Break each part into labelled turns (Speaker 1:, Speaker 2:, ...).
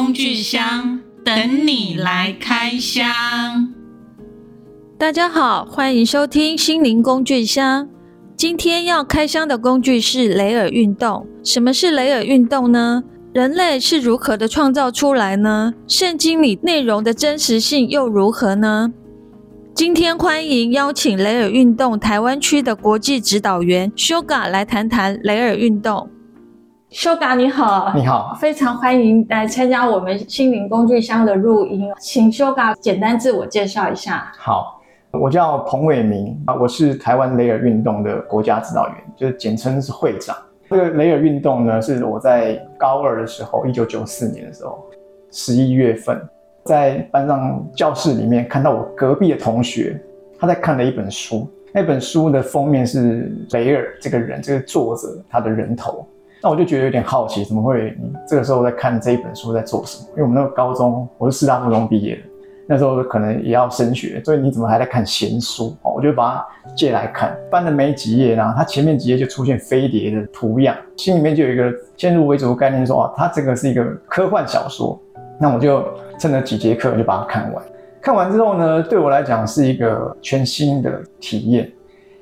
Speaker 1: 工具箱等你來開箱。大家好，歡迎收聽心靈工具箱。今天要開箱的工具是雷爾運動。什麼是雷爾運動呢？人類是如何的創造出來呢？聖經裡內容的真實性又如何呢？今天歡迎邀請雷爾運動台灣區的國際指導員 Shoga 來談談雷爾運動。Shoga，你好，你好，非常歡迎來參加我們心靈工具箱的錄音，請 Shoga 簡單自我介紹一下。
Speaker 2: 好，我叫彭偉明啊，我是台灣雷爾運動的國家指導員，就是簡稱是會長。這個雷爾運動呢，是我在高二的時候，一九九四年的時候，十一月份，在班上教室裡面看到我隔壁的同學，他在看的一本書，那本書的封面是雷爾這個人，這個作者他的人頭。那我就覺得有點好奇，怎麼會你這個時候在看這一本書，在做什麼？因為我們那個高中，我是師大附中畢業的，那時候可能也要升學，所以你怎麼還在看閒書？我就把它借來看，翻了沒幾頁，然後它前面幾頁就出現飛碟的圖樣，心裡面就有一個先入為主的概念說，說、哦、啊，它這個是一個科幻小說。那我就趁着幾節課就把它看完。看完之後呢，對我來講是一個全新的體驗，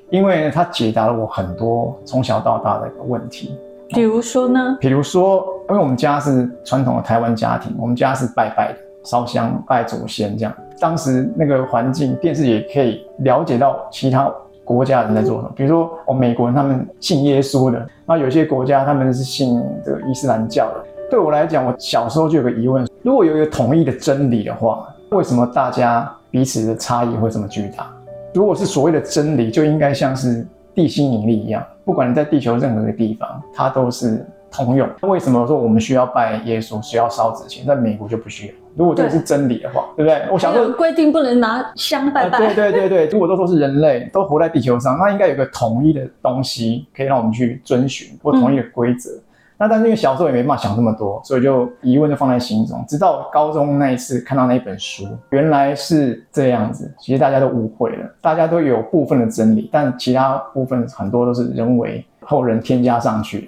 Speaker 2: 因為它解答了我很多從小到大的一個問題。比
Speaker 1: 如說呢？
Speaker 2: 比如說，因為我們家是傳統的台灣家庭，我們家是拜拜的，燒香拜祖先這樣。當時那個環境，電視也可以了解到其他國家的人在做什麼。嗯。比如說，我、哦，美國人他們信耶穌的，那有些國家他們是信這個伊斯蘭教的。對我來講，我小時候就有個疑問：如果有一個統一的真理的話，為什麼大家彼此的差異會這麼巨大？如果是所謂的真理，就應該像是地心引力一樣。不管你在地球任何一個地方，它都是通用。那為什麼說我們需要拜耶穌，需要燒紙錢，在美國就不需要？如果這個是真理的話，對，對不對？我想說，
Speaker 1: 規定不能拿香拜拜。呃，對對對
Speaker 2: 對，如果都說是人類都活在地球上，那應該有個統一的東西可以讓我們去遵循，或統一的規則。嗯那但是因為小時候也沒辦法想這麼多，所以就疑問就放在心中。直到高中那一次看到那一本書，原來是這樣子。其實大家都誤會了，大家都有部分的真理，但其他部分很多都是人為後人添加上去的。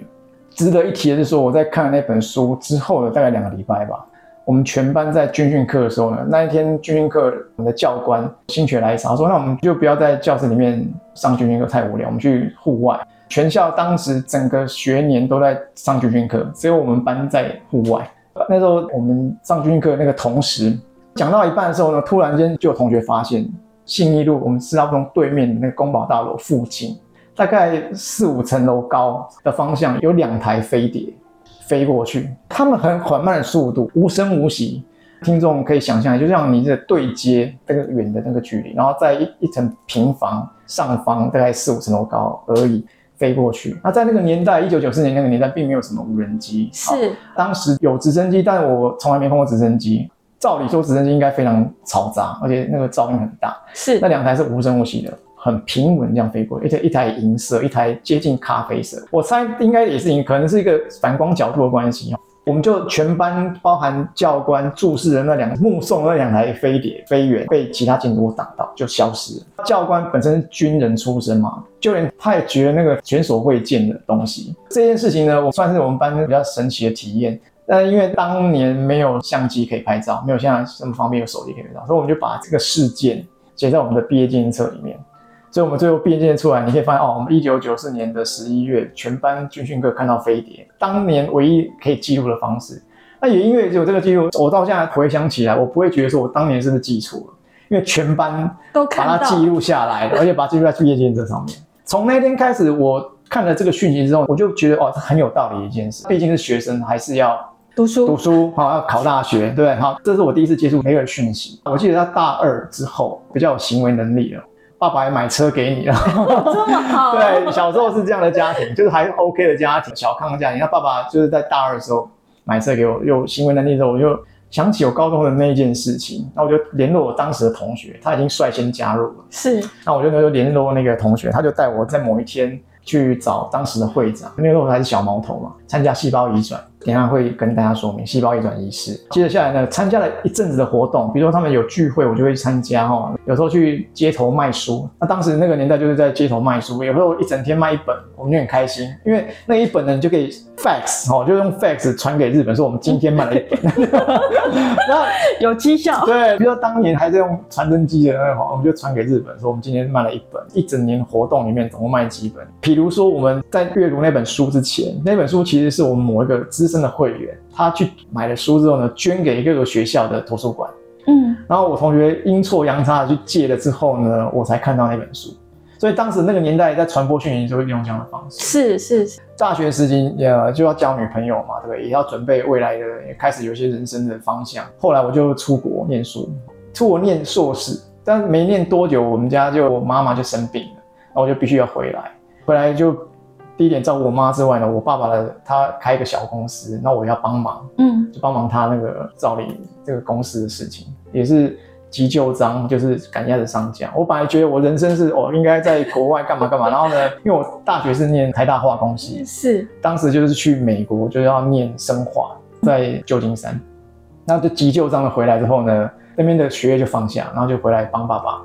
Speaker 2: 值得一提的是說，我在看了那本書之後的大概兩個禮拜吧，我們全班在軍訓課的時候呢，那一天軍訓課我們的教官心血來潮說，那我們就不要在教室裡面上軍訓課，太無聊，我們去戶外。全校當時整個學年都在上軍訓課，只有我們班在戶外。那時候我們上軍訓課那個同時，講到一半的時候呢，突然間就有同學發現信義路我們師大附中對面的那個公保大樓附近，大概四五層樓高的方向有兩台飛碟飛過去，他們很緩慢的速度，無聲無息。聽眾可以想象，就像你這對接這個遠的那個距離，然後在一一層平房上方大概四五層樓高而已。飛過去，那、啊、在那個年代，一九九四年那個年代，並沒有什麼無人機。是、哦，當時有直升機，但我從來沒碰過直升機。照理說，直升機應該非常嘈雜，而且那個噪音很大。是，那兩台是無聲無息的，很平穩這樣飛過，一台一台銀色，一台接近咖啡色。我猜應該也是銀，可能是一個反光角度的關係哦。我們就全班包含教官注視的那兩個目送的那兩台飛碟飛遠，被其他建築物擋到就消失了。教官本身是軍人出身嘛，就連他也覺得那個前所未見的東西這件事情呢，我算是我們班比較神奇的體驗。但是因為當年沒有相機可以拍照，沒有現在這麼方便有手機可以拍照，所以我們就把這個事件寫在我們的畢業紀念冊裡面。所以，我們最後畢業出來，你可以發現哦，我們一九九四年的十一月，全班軍訓課看到飛碟，當年唯一可以記錄的方式。那也因為有這個記錄，我到現在回想起來，我不會覺得說我當年是不是記錯了，因為全班都把它記錄下來了，而且把它記錄在畢業證上面。 從那天開始，我看了這個訊息之後，我就覺得哦，這很有道理一件事，畢竟是學生還是要讀書讀書好，要考大學，對，好，這是我第一次接觸雷爾訊息。我記得他大二之後，比較有行為能力了。爸爸也買車給你了，這麼好。 對，小時候是這樣的家庭，就是還是 OK 的家庭，小康的家庭。那爸爸就是在大二的時候買車給我，有行為能力之後，我就想起我高中的那一件事情。那我就聯絡我當時的同學，他已經率先加入了。是。那我就那聯絡那個同學，他就帶我在某一天去找當時的會長，那個那時候還是小毛頭嘛。參加細胞移轉，等一下會跟大家說明細胞移轉儀式。接着下來呢，參加了一陣子的活動，比如說他們有聚會，我就會參加哦。有時候去街頭賣書，那當時那個年代就是在街頭賣書，有時候一整天賣一本，我們就很開心，因為那一本呢，你就可以 fax 哦，就用 fax 傳給日本，說我們今天賣了一本。 然後有績效，對，比如說當年還是用傳真機的、那個，那我們就傳給日本，說我們今天賣了一本，一整年活動裡面總共賣幾本。比如說我們在閱讀那本書之前，那本書其實。其實是我們某一個資深的會員，他去買了書之後呢，捐給各個學校的圖書館。嗯，然後我同學陰錯陽差地去借了之後呢，我才看到那本書。所以當時那個年代在傳播訊息就會用這樣的方式。是是是。大學時期，也、呃、就要交女朋友嘛，對不對，也要準備未來的，也開始有一些人生的方向。後來我就出國念書，出國念碩士，但沒念多久，我們家就我媽媽就生病了，然後我就必須要回來，回來就。第一點，照顧我媽之外呢，我爸爸的他開一個小公司，那我要幫忙，嗯，就幫忙他那個照理這個公司的事情，也是急就章，就是趕鴨子上架。我本來覺得我人生是，我、哦、應該在國外幹嘛幹嘛， 然後呢，因為我大學是念台大化工系，是，當時就是去美國就是、要念生化，在舊金山，那就急就章的回來之後呢，那邊的學業就放下，然後就回來幫爸爸。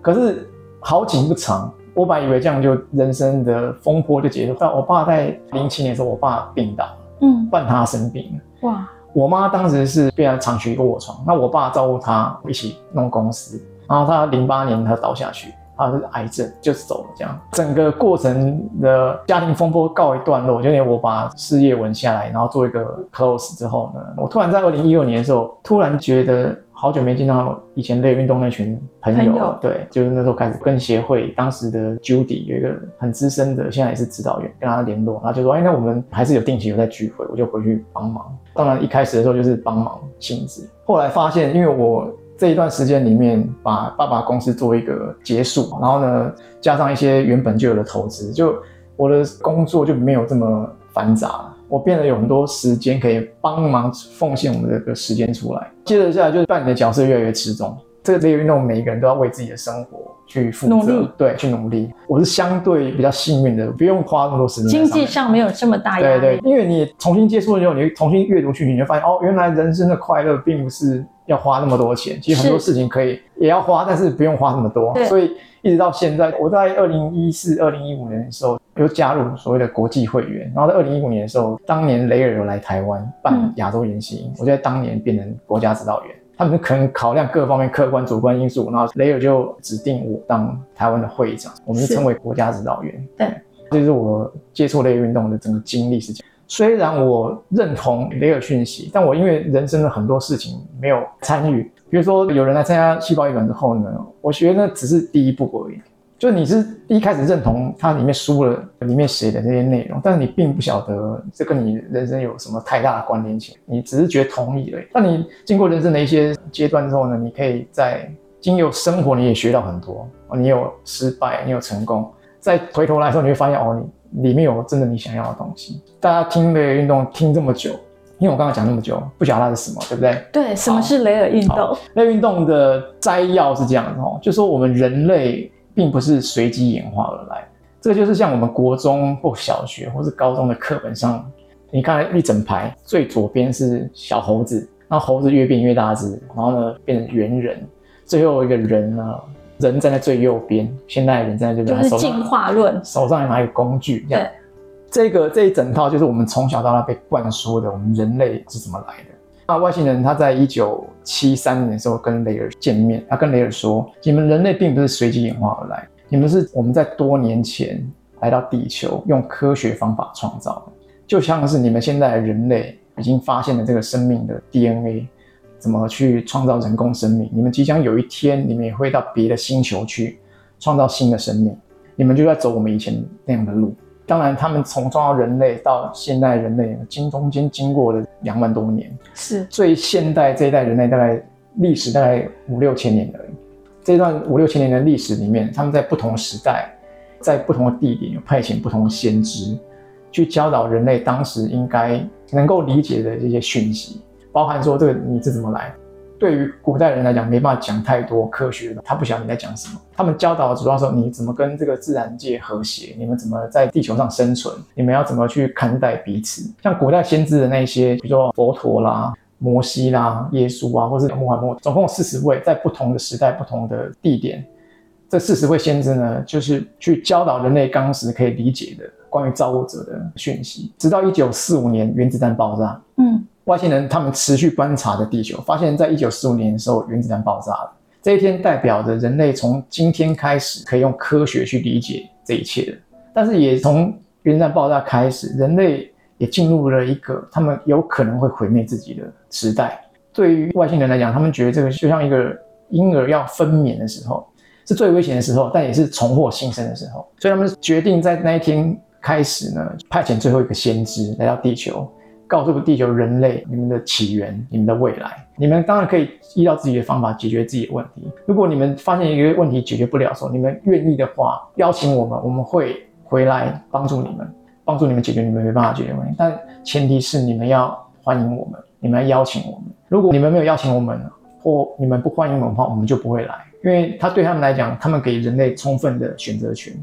Speaker 2: 可是好景不長。我本以為這樣就人生的風波就結束，但我爸在零七年的時候，我爸病倒，嗯，伴他生病，哇，我媽當時是變成長期臥床，那我爸照顧他，一起弄公司，然後他零八年他倒下去，他是癌症就是走了，這樣整個過程的家庭風波告一段落。就連我把事業穩下來，然後做一個 close 之後呢，我突然在二零一六年的時候，突然覺得。好久沒見到以前雷爾運動那群朋友,朋友，對，就是那時候開始跟協會當時的 Judy 有一個很資深的，現在也是指導員，跟他聯絡，他就說，哎，那我們還是有定期有在聚會，我就回去幫忙。當然一開始的時候就是幫忙性質，後來發現，因為我這一段時間裡面把爸爸公司做一個結束，然後呢加上一些原本就有的投資，就我的工作就沒有這麼繁雜。我變得有很多時間可以幫忙奉獻，我們這個時間出來。接着下來就是扮演的角色越來越吃重。這個職業運動，每一個人都要為自己的生活去負責，對，去努力。我是相對比較幸運的，不用花那麼多時間。經濟
Speaker 1: 上沒有這麼大壓力。對對，因
Speaker 2: 為你重新接觸之後，你重新閱讀去，你就會發現哦，原來人生的快樂並不是要花那麼多錢。其實很多事情可以也要花，但是不用花那麼多。所以一直到現在，我在二零一四、二零一五年的時候。又加入所謂的國際會員，然後在二零一五年的時候，當年雷爾有來台灣辦亞洲研習，嗯，我就在當年變成國家指導員。他們可能考量各方面客觀、主觀因素，然後雷爾就指定我當台灣的會長，我們就稱為國家指導員。對，這，就是我接觸雷爾運動的整個經歷事情。雖然我認同雷爾訊息，但我因為人生的很多事情沒有參與。比如說有人來參加細胞樣本之後呢，我覺得那只是第一步而已。所以你是一開始認同它裡面輸了裡面寫的那些內容，但是你並不曉得這跟你人生有什麼太大的關聯性，你只是覺得同意而已。那你經過人生的一些階段之後呢，你可以在經由生活，你也學到很多。你有失敗，你有成功，再回頭來說，你會發現哦，你裡面有真的你想要的東西。大家聽雷爾運動聽這麼久，因為我剛剛講那麼久，不曉得那是什麼，對不對？對，什麼是雷爾運動？雷爾運動的摘要是這樣子哦，就是說我們人類。並不是隨機演化而來，這個就是像我們國中或小學或是高中的課本上，你看一整排，最左邊是小猴子，那猴子越變越大只，然後呢，變成猿人，最後一個人呢，人站在最右邊，現在人站在這邊，手上
Speaker 1: 還拿、就是、進化論，
Speaker 2: 手上還拿一個工具，這樣，對，這個這一整套就是我們從小到大被灌輸的，我們人類是怎麼來的。那外星人他在一九七三年的時候跟雷爾見面，他跟雷爾說：“你們人類並不是隨機演化而來，你們是我們在多年前來到地球用科學方法創造的，就像是你們現在人類已經發現了這個生命的 DNA，怎麼去創造人工生命？你們即將有一天，你們也會到別的星球去創造新的生命，你們就在走我們以前那樣的路。”當然，他們從創造人類到現代人類，經中間經過了兩萬多年，是最現代這一代人類大概歷史大概五六千年而已。這段五六千年的歷史裡面，他們在不同時代，在不同的地點，有派遣不同的先知，去教導人類當時應該能夠理解的這些訊息，包含說這個你這怎麼來。對於古代人來講，沒辦法講太多科學的，他不曉得你在講什麼。他們教導主要說，你怎麼跟這個自然界和諧？你們怎麼在地球上生存？你們要怎麼去看待彼此？像古代先知的那些，比如說佛陀啦、摩西啦、耶穌啊，或者是穆罕默德，總共有四十位，在不同的時代、不同的地點，這四十位先知呢，就是去教導人類當時可以理解的關於造物者的訊息。直到一九四五年原子彈爆炸，嗯。外星人他們持續觀察着地球，發現在一九四五年的時候，原子彈爆炸了。這一天代表着人類從今天開始可以用科學去理解這一切的，但是也從原子彈爆炸開始，人類也進入了一個他們有可能會毀滅自己的時代。對於外星人來講，他們覺得這個就像一個嬰兒要分娩的時候，是最危險的時候，但也是重獲新生的時候。所以他們決定在那一天開始呢，派遣最後一個先知來到地球。告訴地球人類，你們的起源，你們的未來。你們當然可以依照自己的方法解決自己的問題。如果你們發現一個問題解決不了的時候，你們願意的話，邀請我們，我們會回來幫助你們，幫助你們解決你們沒辦法解決的問題。但前提是你們要歡迎我們，你們要邀請我們。如果你們沒有邀請我們，或你們不歡迎我們的話，我們就不會來。因為他對他們來講，他們給人類充分的選擇權。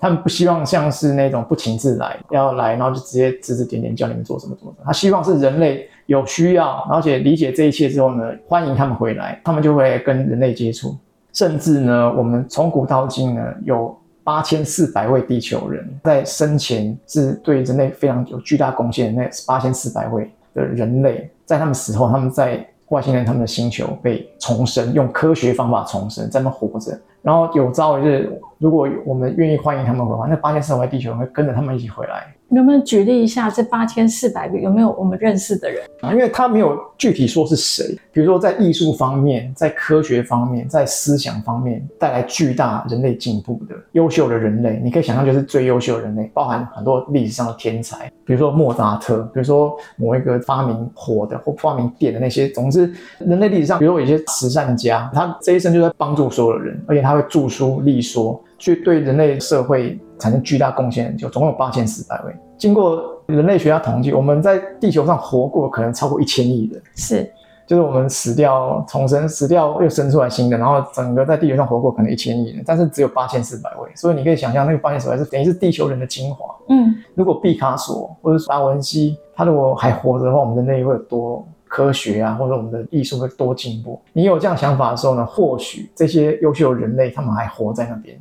Speaker 2: 他們不希望像是那種不請自來要來，然後就直接指指點點教你們做什麼什麼。他希望是人類有需要，而且理解這一切之後呢，歡迎他們回來，他們就會跟人類接觸。甚至呢，我們從古到今呢，有八千四百位地球人在生前是對人類非常有巨大貢獻。那八千四百位的人類，在他們死後，他們在。外星人他們的星球被重生，用科學方法重生，在那活着。然後有朝一日，如果我們願意歡迎他們回來，那八千四百地球會跟着他們一起回來。
Speaker 1: 能不能舉例一下這八千四百個，有沒有我們認識的人？
Speaker 2: 因為他沒有具體說是誰。比如說在藝術方面、在科學方面、在思想方面帶來巨大人類進步的優秀的人類，你可以想象，就是最優秀的人類，包含很多歷史上的天才，比如說莫扎特，比如說某一個發明火的或發明電的那些。總之人類歷史上，比如說有一些慈善家，他這一生就在幫助所有人，而且他會著書立說。去對人類社會產生巨大貢獻，就總共有八千四百位。經過人類學家統計，我們在地球上活過可能超過一千億人。是，就是我們死掉、重生、死掉又生出來新的，然後整個在地球上活過可能一千億人，但是只有八千四百位。所以你可以想象，那個八千四百是等於是地球人的精華。嗯，如果畢卡索或者達文西他如果還活着的話，我們人類會有多科學啊，或者我們的藝術會多進步？你有這樣想法的時候呢，或許這些優秀人類他們還活在那邊。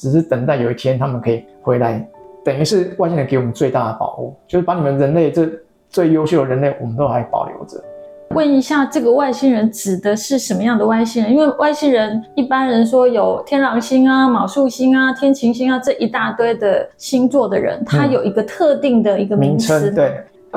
Speaker 2: 只是等待有一天他們可以回來，等於是外星人給我們最大的保護，就是把你們人類這最優秀的人類，我們都還保留着。
Speaker 1: 問一下，這個外星人指的是什麼樣的外星人？因為外星人一般人說有天狼星啊、昴宿星啊、天琴星啊這一大堆的星座的
Speaker 2: 人，他有一
Speaker 1: 個特定的一個名稱。嗯。
Speaker 2: 對，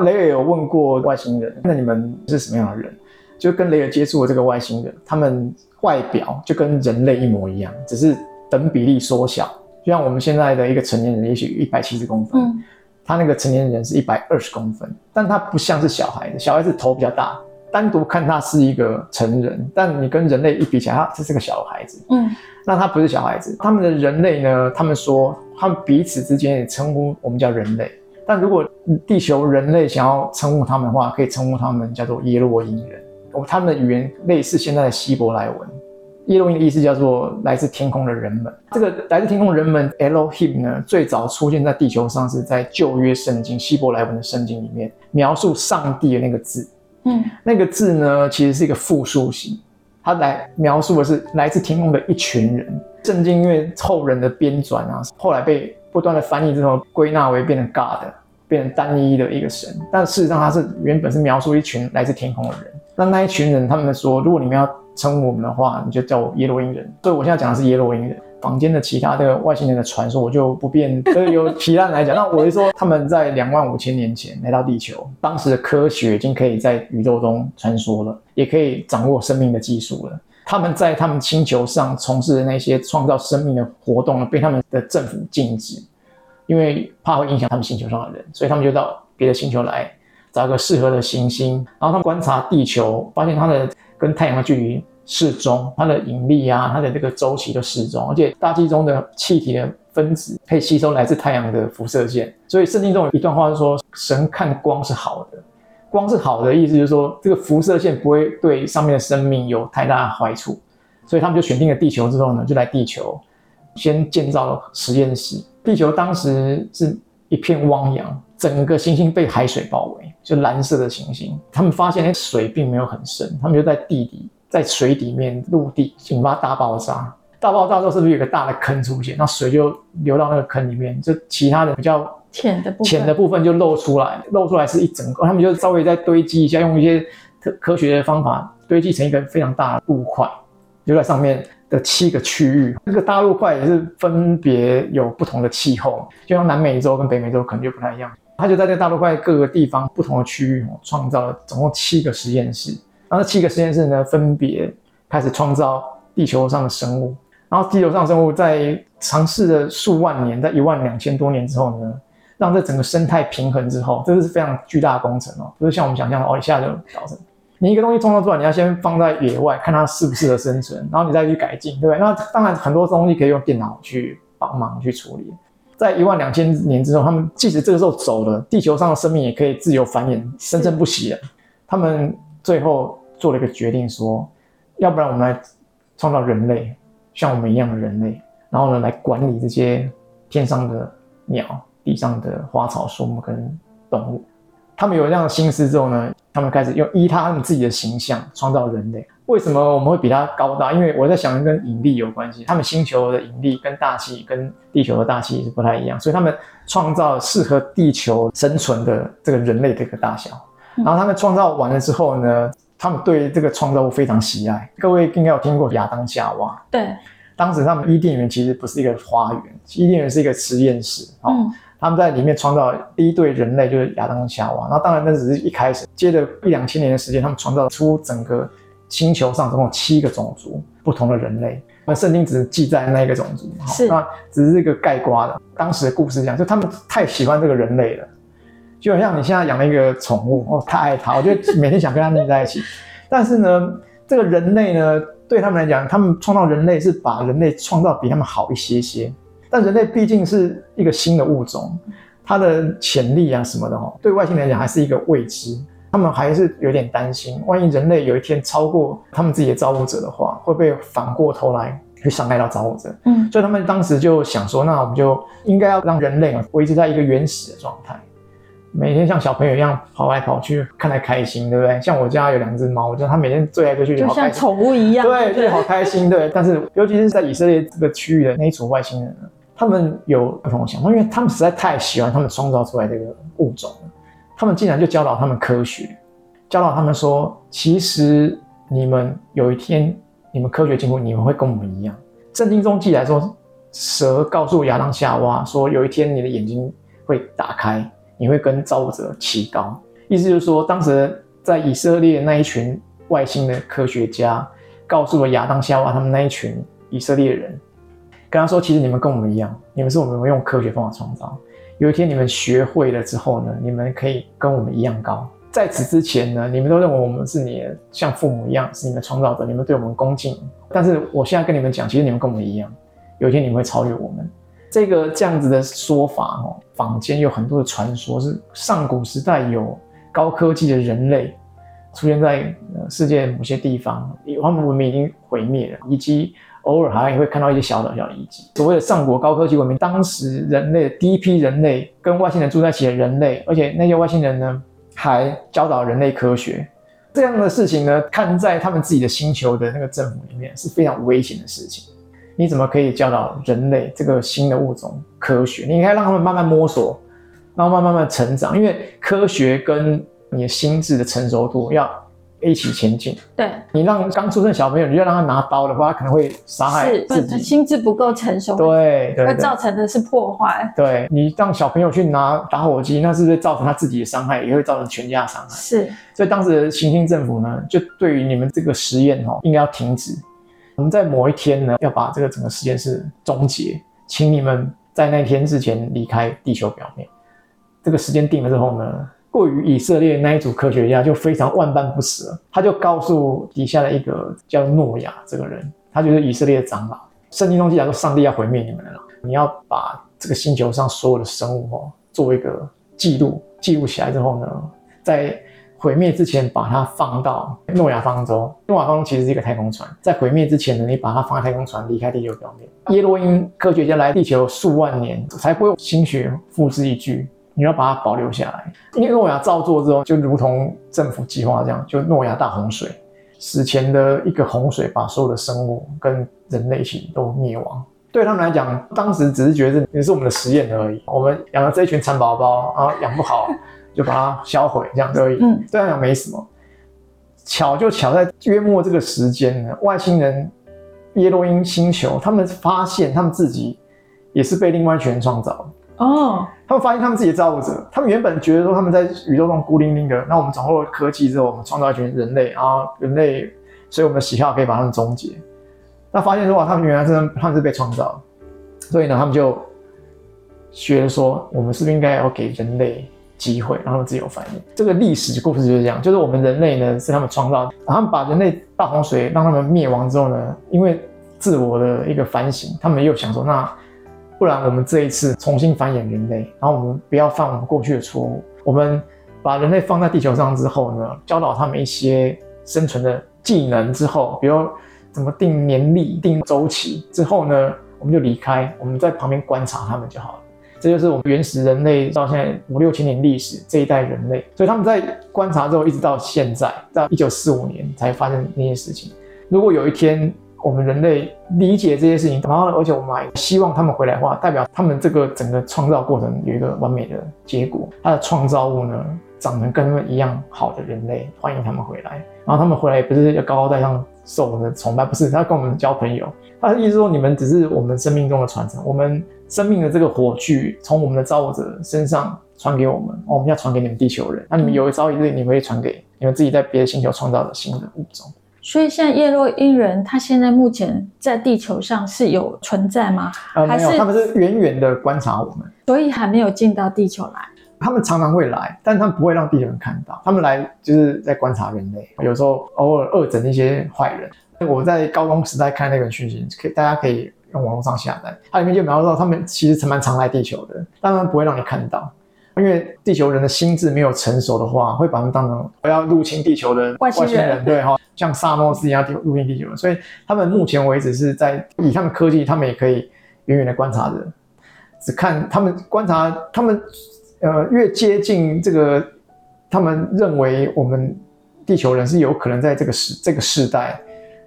Speaker 2: 雷爾有問過外星人，那你們是什麼樣的人？就跟雷爾接觸的這個外星人，他們外表就跟人類一模一樣，只是。等比例縮小，就像我們現在的一個成年人，也許一百七十公分，嗯，他那個成年人是一百二十公分，但他不像是小孩子，小孩子頭比較大，單獨看他是一個成人，但你跟人類一比起來，他是個小孩子，嗯，那他不是小孩子，他們的人類呢，他們說他們彼此之間也稱呼我們叫人類，但如果地球人類想要稱呼他們的話，可以稱呼他們叫做耶洛因人，他們的語言類似現在的希伯來文。耶洛因的意思叫做“來自天空的人們”。這個“來自天空的人們 ”“Elohim” 呢，最早出現在地球上是在舊約聖經希伯來文的聖經裡面描述上帝的那個字。
Speaker 1: 嗯，
Speaker 2: 那個字呢，其實是一個複數型，它來描述的是來自天空的一群人。聖經因為後人的編纂啊，後來被不斷的翻譯之後，歸納為變成 “God”，變成單一的一個神。但事實上它是原本是描述一群來自天空的人。那那一群人，他們說：“如果你們要……”稱呼我們的話，你就叫我耶洛因人。所以我現在講的是耶洛因人。坊間的其他的外星人的傳說，我就不便。所、就、以、是、由皮蛋來講， 那我就說，他們在兩萬五千年前來到地球，當時的科學已經可以在宇宙中穿梭了，也可以掌握生命的技術了。他們在他們星球上從事的那些創造生命的活動呢，被他們的政府禁止，因為怕會影響他們星球上的人，所以他們就到別的星球來，找個適合的行星，然後他們觀察地球，發現它的。跟太陽的距離適中，它的引力啊，它的這個周期都適中，而且大氣中的氣體的分子可以吸收來自太陽的輻射線。所以聖經中有一段話是說，神看光是好的，光是好的意思就是說這個輻射線不會對上面的生命有太大的壞處，所以他們就選定了地球之後呢，就來地球，先建造了實驗室。地球當時是。一片汪洋，整個行星被海水包圍，就藍色的行星。他們發現那水並沒有很深，他們就在地底，在水底面陸地引發大爆炸。大爆炸之後，是不是有個大的坑出現？那水就流到那個坑裡面，就其他的比較淺的淺的部分就露出來，露出來是一整個，他們就稍微再堆積一下，用一些科學的方法堆積成一個非常大的物塊，就在上面的七個區域，這個大陸塊也是分別有不同的氣候，就像南美洲跟北美洲可能就不太一樣。他就在這個大陸塊各個地方不同的區域，創造了總共七個實驗室。然後這七個實驗室呢，分別開始創造地球上的生物。然後地球上生物在嘗試了數萬年，在一萬兩千多年之後呢，讓這整個生態平衡之後，這是非常巨大的工程哦，不、就是像我們想象的哦，一下就搞成。你一個東西創造出來，你要先放在野外，看它適不適合生存，然後你再去改進，對不對？那當然，很多東西可以用電腦去幫忙去處理。在一萬兩千年之後，他們即使這個時候走了，地球上的生命也可以自由繁衍，生生不息了。他們最後做了一個決定，說，要不然我們來創造人類，像我們一樣的人類，然後呢，來管理這些天上的鳥、地上的花草樹木跟動物。他們有這樣的心思之後呢，他們開始用依他，他們自己的形象創造人類。為什麼我們會比他高大？因為我在想跟引力有關係。他們星球的引力跟大氣跟地球的大氣也是不太一樣，所以他們創造適合地球生存的這個人類這個大小，嗯。然後他們創造完了之後呢，他們對這個創造物非常喜愛。各位應該有聽過亞當夏娃。對，當時他們伊甸園其實不是一個花園，伊甸園是一個實驗室。嗯。哦。他們在裡面創造第一對人類，就是亞當夏娃，那當然那只是一開始，接着一兩千年的時間，他們創造出整個星球上總共七個種族不同的人類。那聖經只是記載那一個種族，是，那只是一個概括的。當時的故事講，就他們太喜歡這個人類了，就好像你現在養了一個寵物哦，太愛他，我就得每天想跟他們在一起。 但是呢，這個人類呢，對他們來講，他們創造人類是把人類創造比他們好一些些。但人類畢竟是一個新的物種，它的潛力啊什麼的哈，對外星人來講還是一個未知，他們還是有點擔心，萬一人類有一天超過他們自己的造物者的話，會不會反過頭來去傷害到造物者？嗯，所以他們當時就想說，那我們就應該要讓人類啊維持在一個原始的狀態，每天像小朋友一樣跑來跑去，看來開心，對不對？像我家有兩隻貓，我覺得它每天追來追去就好開心，就好像寵物一樣，對，對，好開心，對。 但是尤其是在以色列這個區域的那組外星人。他們有不同、欸、想法，因為他們實在太喜歡他們創造出來這個物種了。他們竟然就教導他們科學，教導他們說，其實你們有一天，你們科學進步，你們會跟我們一樣。聖經中記載說，蛇告訴亞當夏娃說，有一天你的眼睛會打開，你會跟造物者齊高。意思就是說，當時在以色列那一群外星的科學家，告訴了亞當夏娃他們那一群以色列人。跟他說，其實你們跟我們一樣，你們是我們用科學方法創造。有一天你們學會了之後呢，你們可以跟我們一樣高。在此之前呢，你們都認為我們是你的像父母一樣，是你們創造者。你們對我們恭敬。但是我現在跟你們講，其實你們跟我們一樣，有一天你們會超越我們。這個這樣子的說法哦，坊間有很多的傳說，是上古時代有高科技的人類出現在世界的某些地方，他們文明已經毀滅了，以及。偶爾還會看到一些小小小的遺蹟。所謂的上古的高科技文明，當時人類第一批人類跟外星人住在一起的人類，而且那些外星人呢，還教導人類科學。這樣的事情呢，看在他們自己的星球的那個政府裡面是非常危險的事情。你怎麼可以教導人類這個新的物種科學？你應該讓他們慢慢摸索，然後慢慢慢慢成長，因為科學跟你的心智的成熟度要。一起前進。對，你讓剛出生的小朋友，你要讓他拿刀的話，他可能會殺害自己。是，他
Speaker 1: 心智不夠成熟。
Speaker 2: 對，對，對，對，會造
Speaker 1: 成的是破壞。
Speaker 2: 對，你讓小朋友去拿打火機，那是不是造成他自己的傷害，也會造成全家傷害？是。所以當時的行星政府呢，就對於你們這個實驗哦、喔，應該要停止。我們在某一天呢，要把這個整個實驗室終結，請你們在那天之前離開地球表面。這個時間定了之後呢？過於以色列那一組科學家就非常萬般不捨，他就告訴底下的一個叫諾亞這個人，他就是以色列的長老。聖經中記載說，上帝要毀滅你們了，你要把這個星球上所有的生物哦，做一個記錄，記錄起來之後呢，在毀滅之前把它放到諾亞方舟。諾亞方舟其實是一個太空船，在毀滅之前呢，你把它放在太空船，離開地球表面。耶洛因科學家來地球數萬年，才不會心血付之一炬。你要把它保留下來，因為諾亞造作之後，就如同政府計劃這樣，就諾亞大洪水，史前的一個洪水，把所有的生物跟人類一起都滅亡。對他們來講，當時只是覺得也是我們的實驗而已，我們養了這一群蠶寶寶啊，養不好就把它銷毀這樣而已。嗯，這樣講沒什麼。巧就巧在約莫這個時間呢，外星人耶洛因星球，他們發現他們自己也是被另外一群人創造的哦。發現他們自己的造物者，他們原本覺得說他們在宇宙中孤零零的。那我們掌握科技之後，我們創造一群人類，啊，人類，所以我們的喜好可以把他們終結。那發現說哇，他們原來是他們是被創造，所以呢，他們就學了說我們是不是應該要給人類機會，讓他們自由反應。這個歷史故事就是這樣，就是我們人類呢是他們創造的，然後他們把人類大洪水讓他們滅亡之後呢，因為自我的一個反省，他們又想說那。不然，我們這一次重新繁衍人類，然後我們不要犯我們過去的錯誤。我們把人類放在地球上之後呢，教導他們一些生存的技能之後，比如怎麼定年曆、定週期之後呢，我們就離開，我們在旁邊觀察他們就好了。這就是我們原始人類到現在五六千年歷史這一代人類，所以他們在觀察之後一直到現在到一九四五年才發生那些事情。如果有一天，我們人類理解這些事情，然後，而且我們還希望他們回來的話，代表他們這個整個創造過程有一個完美的結果。他的創造物呢，長成跟他們一樣好的人類，歡迎他們回來。然後他們回來也不是要高高在上受我們的崇拜，不是，他跟我們交朋友。他的意思說，你們只是我們生命中的傳承，我們生命的這個火炬從我們的造物者身上傳給我們，哦，我們要傳給你們地球人。那你們有一朝一日，你們會傳給你們自己在別的星球創造的新的物種。
Speaker 1: 所以現在耶洛因人，他現在目前在地球上是有存在嗎？呃、還是？他們是
Speaker 2: 遠遠的觀察我們，
Speaker 1: 所以還沒有進到地
Speaker 2: 球來。他們常常會來，但他們不會讓地球人看到。他們來就是在觀察人類，有時候偶爾惡整一些壞人。我在高中時代看那本訊息，可以大家可以用網絡上下載，它裡面就描述到他們其實蠻常來地球的，但他們不會讓你看到。因為地球人的心智沒有成熟的話，會把他們當成我要入侵地球的外星人，外星人對哈，像薩諾斯一樣入侵地球。所以他們目前為止是在以他們科技，他們也可以遠遠的觀察着，只看他們觀察他們，呃，越接近這個，他們認為我們地球人是有可能在這個時這個世代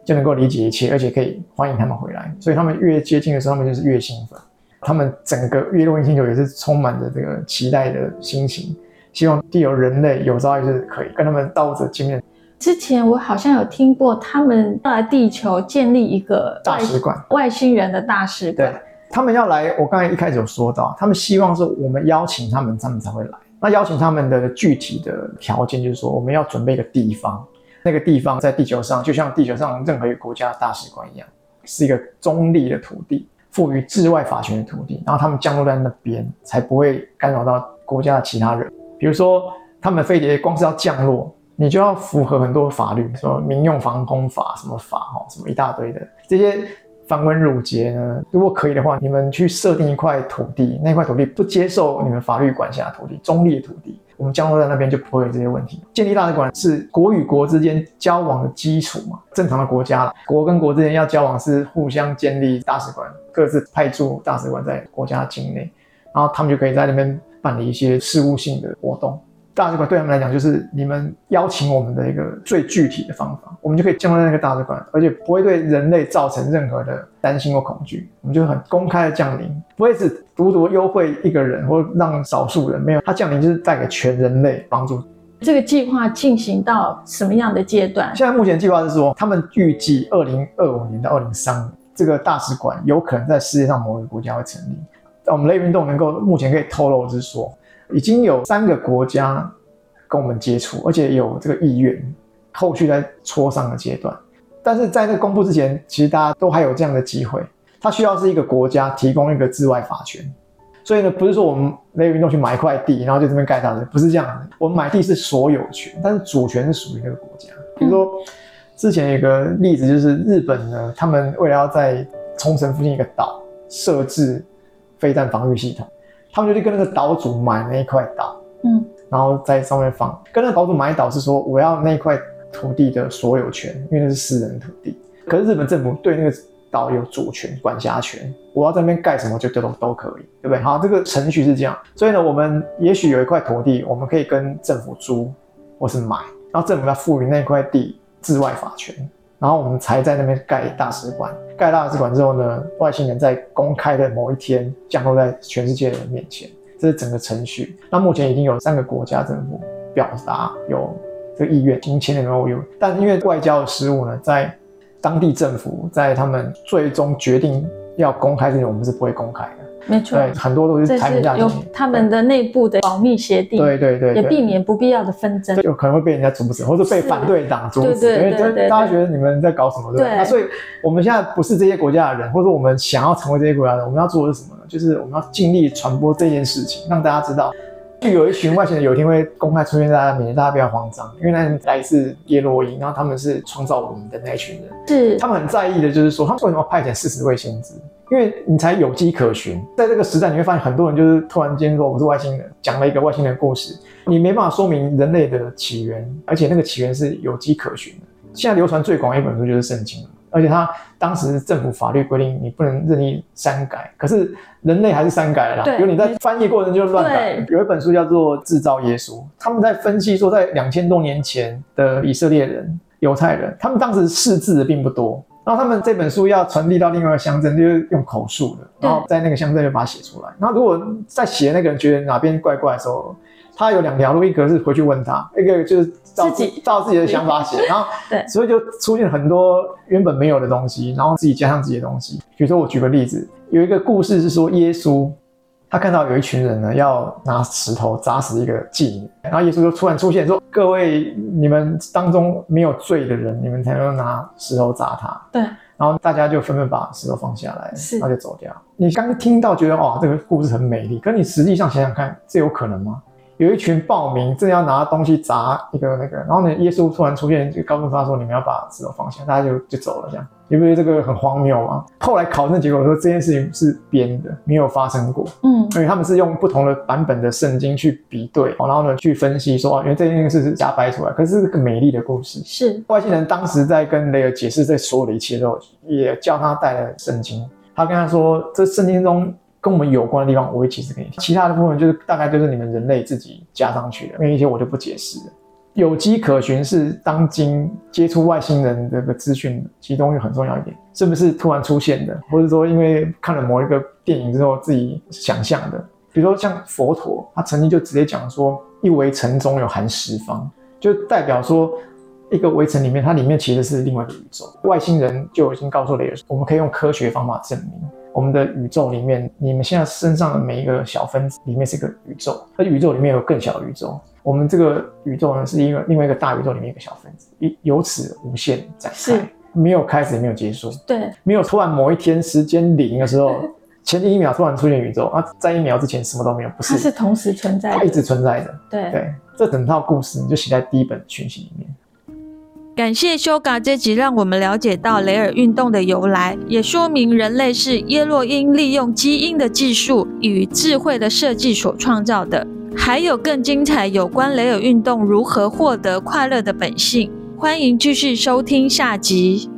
Speaker 2: 就能夠理解一切，而且可以歡迎他們回來。所以他們越接近的時候，他們就是越興奮。他們整個耶洛因星球也是充滿着這個期待的心情，希望地球人類有朝一日可以跟他們造者見面。
Speaker 1: 之前我好像有聽過他們要來地球建立一個大使館，外
Speaker 2: 星人的大使館。對，他們要來，我剛才一開始有說到，他們希望說我們邀請他們，他們才會來。那邀請他們的具體的條件就是說，我們要準備一個地方，那個地方在地球上，就像地球上任何一個國家的大使館一樣，是一個中立的土地。賦予治外法權的土地，然後他們降落在那邊才不會干擾到國家的其他人。比如說，他們的飛碟光是要降落，你就要符合很多法律，什麼民用防空法、什麼法哦，什麼一大堆的這些繁文縟節呢？如果可以的話，你們去設定一塊土地，那塊土地不接受你們法律管轄的土地，中立的土地。我們降落在那邊就不會有這些問題。建立大使館是國與國之間交往的基礎嘛，正常的國家了。國跟國之間要交往，是互相建立大使館，各自派駐大使館在國家境內，然後他們就可以在那邊辦理一些事務性的活動。大使館對他們來講，就是你們邀請我們的一個最具體的方法，我們就可以降臨在那個大使館，而且不會對人類造成任何的擔心或恐懼。我們就很公開的降臨，不會是獨獨優惠一個人或讓少數人，沒有他降臨就是帶給全人類幫助。
Speaker 1: 這個計劃進行到什麼樣的
Speaker 2: 階段？現在目前計劃是說，他們預計二零二五年到二零三年，這個大使館有可能在世界上某個國家會成立。但我們雷爾運動能夠目前可以透露只是說。已經有三個國家跟我們接觸，而且有這個意願，後續在磋商的階段。但是在這公布之前，其實大家都還有這樣的機會。它需要是一個國家提供一個治外法權。所以呢，不是說我們雷爾運動去買一塊地，然後就這邊蓋大樓，不是這樣的。我們買地是所有權，但是主權是屬於那個國家。比如說，之前有個例子就是日本呢，他們為了要在沖繩附近一個島設置飛彈防禦系統。他們就去跟那個島主買那一塊島，嗯，然後在上面放。跟那個島主買一島是說，我要那塊土地的所有權，因為那是私人土地。可是日本政府對那個島有主權管轄權，我要在那邊蓋什麼就都都可以，對不對？好，這個程序是這樣。所以呢，我們也許有一塊土地，我們可以跟政府租或是買，然後政府要賦予那塊地治外法權，然後我們才在那邊蓋大使館。蓋大使館，之後呢，外星人在公開的某一天降落在全世界的人面前，這是整個程序。那目前已經有三個國家政府表達有這個意願，幾年前也有，但因為外交的失誤呢，在當地政府在他們最終決定要公開之前，我們是不會公開的。沒錯，對很多都是，台下是有
Speaker 1: 他們的內部的保密協定，對對對，對，對，對，也避免不必要的紛爭，有
Speaker 2: 可能會被人家阻止，或者被反對黨阻止，因為、啊、大家覺得你們在搞什麼，對嗎、啊？所以我們現在不是這些國家的人，或者說我們想要成為這些國家的人，我們要做的是什麼呢？就是我們要盡力傳播這件事情，讓大家知道，就有一群外星人有一天會公開出現在面前，大家不要慌張，因為那來自耶洛因，然後他們是創造我們的那一群人，是他們很在意的，就是說他們為什麼派遣四十位先知。因為你才有跡可循，在這個時代你會發現很多人就是突然間說我是外星人，講了一個外星人的故事，你沒辦法說明人類的起源，而且那個起源是有跡可循的。現在流傳最廣的一本書就是聖經了，而且它當時政府法律規定你不能任意刪改，可是人類還是刪改了，比如你在翻譯過程就亂改。有一本書叫做《製造耶穌》，他們在分析說，在兩千多年前的以色列人、猶太人，他們當時識字的並不多。然後他們這本書要傳遞到另外一個鄉鎮，就是用口述的，然後在那個鄉鎮就把它寫出來。那如果在寫的那個人覺得哪邊怪怪的時候，他有兩條路，一個是回去問他，一個就是照自、自己的想法寫。然後，所以就出現很多原本沒有的東西，然後自己加上自己的東西。比如說，我舉個例子，有一個故事是說耶穌。他看到有一群人呢，要拿石頭砸死一個妓女，然後耶穌就突然出現說：“各位，你們當中沒有罪的人，你們才能拿石頭砸他。”對，然後大家就紛紛把石頭放下來，是，然後就走掉。你剛聽到覺得哇、哦，這個故事很美麗，可是你實際上想想看，這有可能嗎？有一群暴民正要拿東西砸一個那個，然後呢，耶穌突然出現，就告訴他說：“你們要把石頭放下。”大家就就走了。這樣，你不覺得這個很荒謬嗎？後來考證結果說，這件事情是編的，沒有發生過。嗯，因為他們是用不同的版本的聖經去比對，然後呢，去分析說，原來這件事是假掰出來，可是，是個美麗的故事。是外星人當時在跟雷爾解釋這所有的一切的時候，也叫他帶來聖經。他跟他說：“這聖經中。”跟我們有關的地方，我會解釋給你聽。其他的部分就是大概就是你們人類自己加上去的，因為一些我就不解釋。有跡可循是當今接觸外星人的資訊其中一個很重要一點，是不是突然出現的，或者說因為看了某一個電影之後自己想象的？比如說像佛陀，他曾經就直接講說，一微塵中有含十方，就代表說一個微塵裡面，它裡面其實是另外一個宇宙。外星人就已經告訴了我們，我們可以用科學方法證明。我們的宇宙裡面，你們現在身上的每一個小分子裡面是一個宇宙，而宇宙裡面有更小的宇宙。我們這個宇宙呢，是因為另外一個大宇宙裡面一個小分子，由由此無限展開，沒有開始，也沒有結束。對，沒有突然某一天時間零的時候，前一秒突然出現宇宙啊，在一秒之前什麼都沒有，不是？它是
Speaker 1: 同時存在的，它一直
Speaker 2: 存在的。對對，這整套故事你就寫在第一本群星裡面。
Speaker 1: 感謝 Shoga 這集，讓我們了解到雷爾運動的由來，也說明人類是耶洛因利用基因的技術與智慧的設計所創造的。還有更精彩有關雷爾運動如何獲得快樂的本性，歡迎繼續收聽下集。